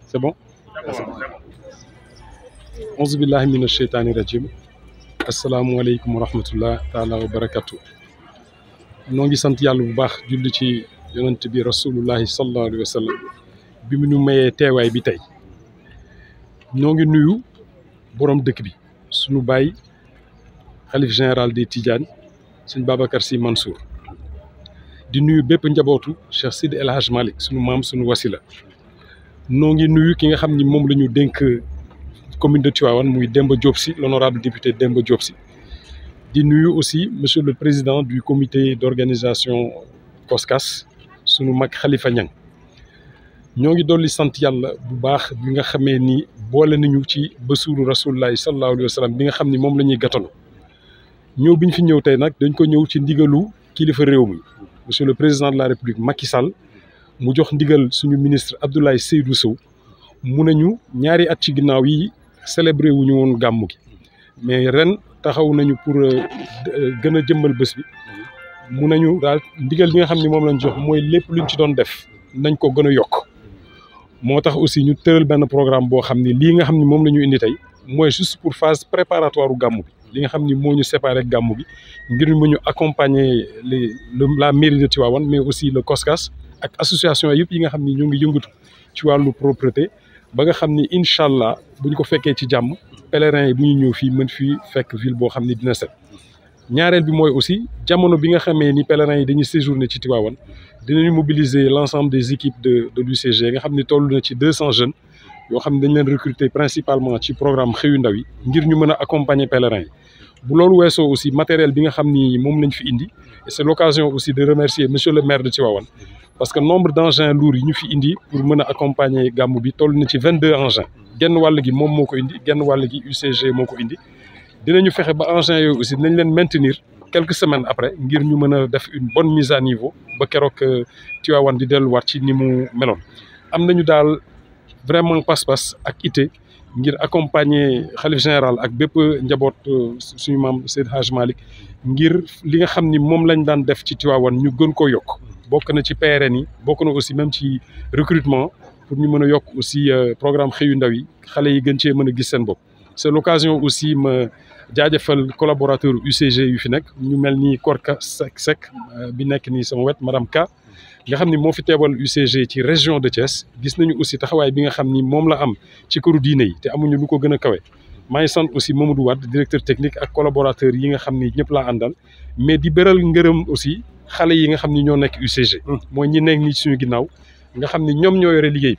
c'est bon auzu billahi mina sheytaani rajim asalaamualeykum wa rahmatullah taala wa barakatu noo ngi sant yàlla bu baax julli ci yonent bi rasulullahi sallallahu alayhi bi mu ñu mayee teewaay bi tey noo ngi nuyu boroom dëkk bi sunu baay xalif général di Tidianes suñ Babacar si Mansour di nuyu bépp njabootu Cheikh Sidi El Hadj Malick suñu maam suñu wasila noo ngi nuyu ki nga xam ni moom la ñu dénk commune de Tivaouane muy Demba Diop Sy l'honorable député Demba Diop di nuyu aussi monsieur le président du comité d'organisation COSCAS sunu mag xalifa Niang ñoo ngi dolli sant yàlla bu baax bi nga xamee ni boole nañu ci bësuru rasulullahi sallallahu alayhi wa bi nga xam ni moom la ñuy gàttalu ñëw bi ñu fi ñëw tey nag dañ ko ñëw ci ndigalu kilifa réew mi monsieur le président de la république Macky Sall mu jox ndigal suñu ministre Abdoulaye Seydou Sow mu nañu ñaari at ci ginnaaw yi célébré wuñu woon gàmmu gi mais ren taxaw nañu pour euh, euh, gën a jëmmal bés bi mu nañu daal ndigal bi nga xam ni moom lañ jox mooy lépp luñ ci doon def nañ ko gën a yokk moo tax aussi ñu tëral benn programme boo xam ne lii nga xam ne moom la ñu indi tey mooy juste pour phase préparatoire u gàmmu bi li nga xam ni moo ñu séparé gàmmu bi ngir mu ñu accompagner les la mairie de Tivaouane mais aussi le COSCAS ak association yëpp yi nga xam ni ñoo ngi yëngatu ci wàllu propreté ba nga xam ni incha allah bu ñu ko fekkee ci jàmm pèlerins yi bu ñu ñëw fii mën fi fekk ville boo xam ni dina set ñaareel bi mooy aussi jamono bi nga xamee ni pèlerins yi dañuy séjourner ci Tivaouane dinañu mobiliser l' ensemble des équipes de de l'UCG nga xam ni toll na ci deux cent jeunes yoo xam ne dañ leen recruter principalement ci programme xëyu ndaw yi ngir ñu mën a accompagner pèlerins bu loolu weesoo aussi matériel bi nga xam ni moom lañ fi indi et c' est l' occasion le maire de Tivaouane parce que nombre d' engins lourds yi ñu fi indi pour mën a accompagner gàmmu bi toll na ci vingt deux engins genn wàll gi moom moo ko indi genn wàll gi UCG moo ko indi ñu fexe ba engins yooyu aussi nañ leen maintenir quelques semaines après ngir ñu mën a def une bonne mise à niveau ba keroog euh, Tivaouane di delluwaat ci ni mu meloon am na ñu daal vraiment passe-passe ak ité ngir accompagner xalif général ak bépp njaboot euh, suñu maam Seydi Hadj Malick ngir li nga xam ni moom lañ daan def ci Tivaouane ñu gën ko yokk bokk na ci PRN yi bokk na aussi même ci recrutement pour ñu mën a yokk aussi euh, programme xëyu ndaw yi xale yi gën cee mën a gis seen bopp. c'est location aussi ma jaajëfal collaborateur UCG yu fi nekk ñu mel ni Korka Seck Seck euh, bi nekk nii sama wet madame Ka nga xam ni moo fi teewal UCG ci région de Thiès gis nañu aussi taxawaay bi nga xam ni moom la am ci këru diine yi te amuñu lu ko gën a kawe. maa ngi sant aussi Mamadou Wade directeur technique ak collaborateur yi nga xam ni ñëpp laa àndal mais di bëral ngërëm aussi xale yi nga xam ni ñoo nekk UCG. Hmm. mooy ñi nekk nii suñu ginnaaw nga xam ni ñoom ñoo yore liggéey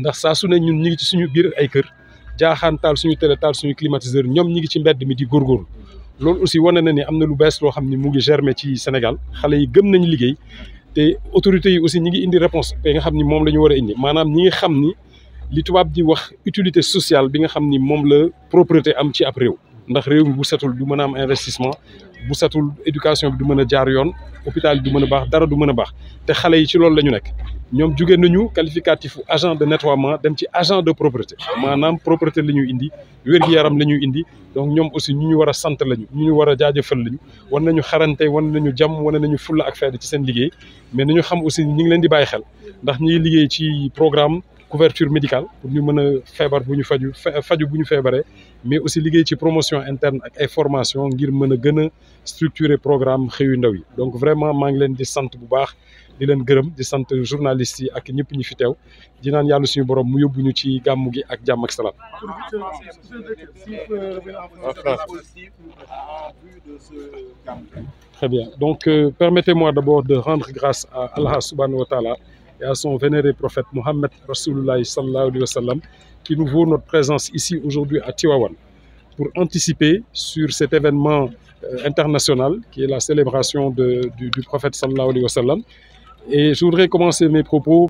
ndax saa ne ñun ñu ci suñu biir ay kër. jaaxaan taal suñu télé taal suñu climatiseur ñoom ñi ngi ci mbedd mi di góorgóorlu loolu aussi wane na ni am na lu bees loo xam ni mu ngi germer ci Sénégal xale yi gëm nañ liggéey te autorités yi aussi ñi ngi indi réponse te nga xam ni moom la ñu war a indi maanaam ñi ngi xam ni li tubaab ji wax utilité sociale bi nga xam ni moom la propriété am ci ab réew ndax réew mi bu setul du mën investissement bu setul éducation bi du mën a jaar yoon hôpital bi du mën a baax dara du mën a baax te xale yi ci lool la ñu nekk ñoom jugee nañu qualificatif agent de nettoiement dem ci agent de propreté maanaam propreté la ñuy indi wér-gu-yaram la ñuy indi donc ñoom aussi ñu ñu war a sant lañu ñu ñu war a jaajëfal lañu wan nañu xarante wan nañu jàmm wan nañu fulla ak fayda ci seen liggéey mais ñu xam aussi ñi ngi leen di bàyyi xel ndax ñiy liggéey ci programme couverture médicale pour ñu mën a feebar bu ñu faju faju bu ñu feebaree mais aussi liggéey ci promotion interne ak ay ngir mën a gën a structurer programme xëyu ndaw yi donc vraiment maa ngi leen di sant bu baax di leen gërëm di sant journalistes yi ak ñëpp ñi fi teew di naan yàlla suñu borom mu yóbbu ñu ci gàmmu gi ak jàmm ak salaam. donc euh, permettez-moi d'abord de rendre grâce à Allah subhanahu wa et à son vénéré prophète Mohammed Rasulullah sallallahu alayhi wa sallam, qui nous vaut notre présence ici aujourd'hui à Tiwawan pour anticiper sur cet événement euh, international qui est la célébration du, prophète sallallahu alayhi wa sallam. Et je voudrais commencer mes propos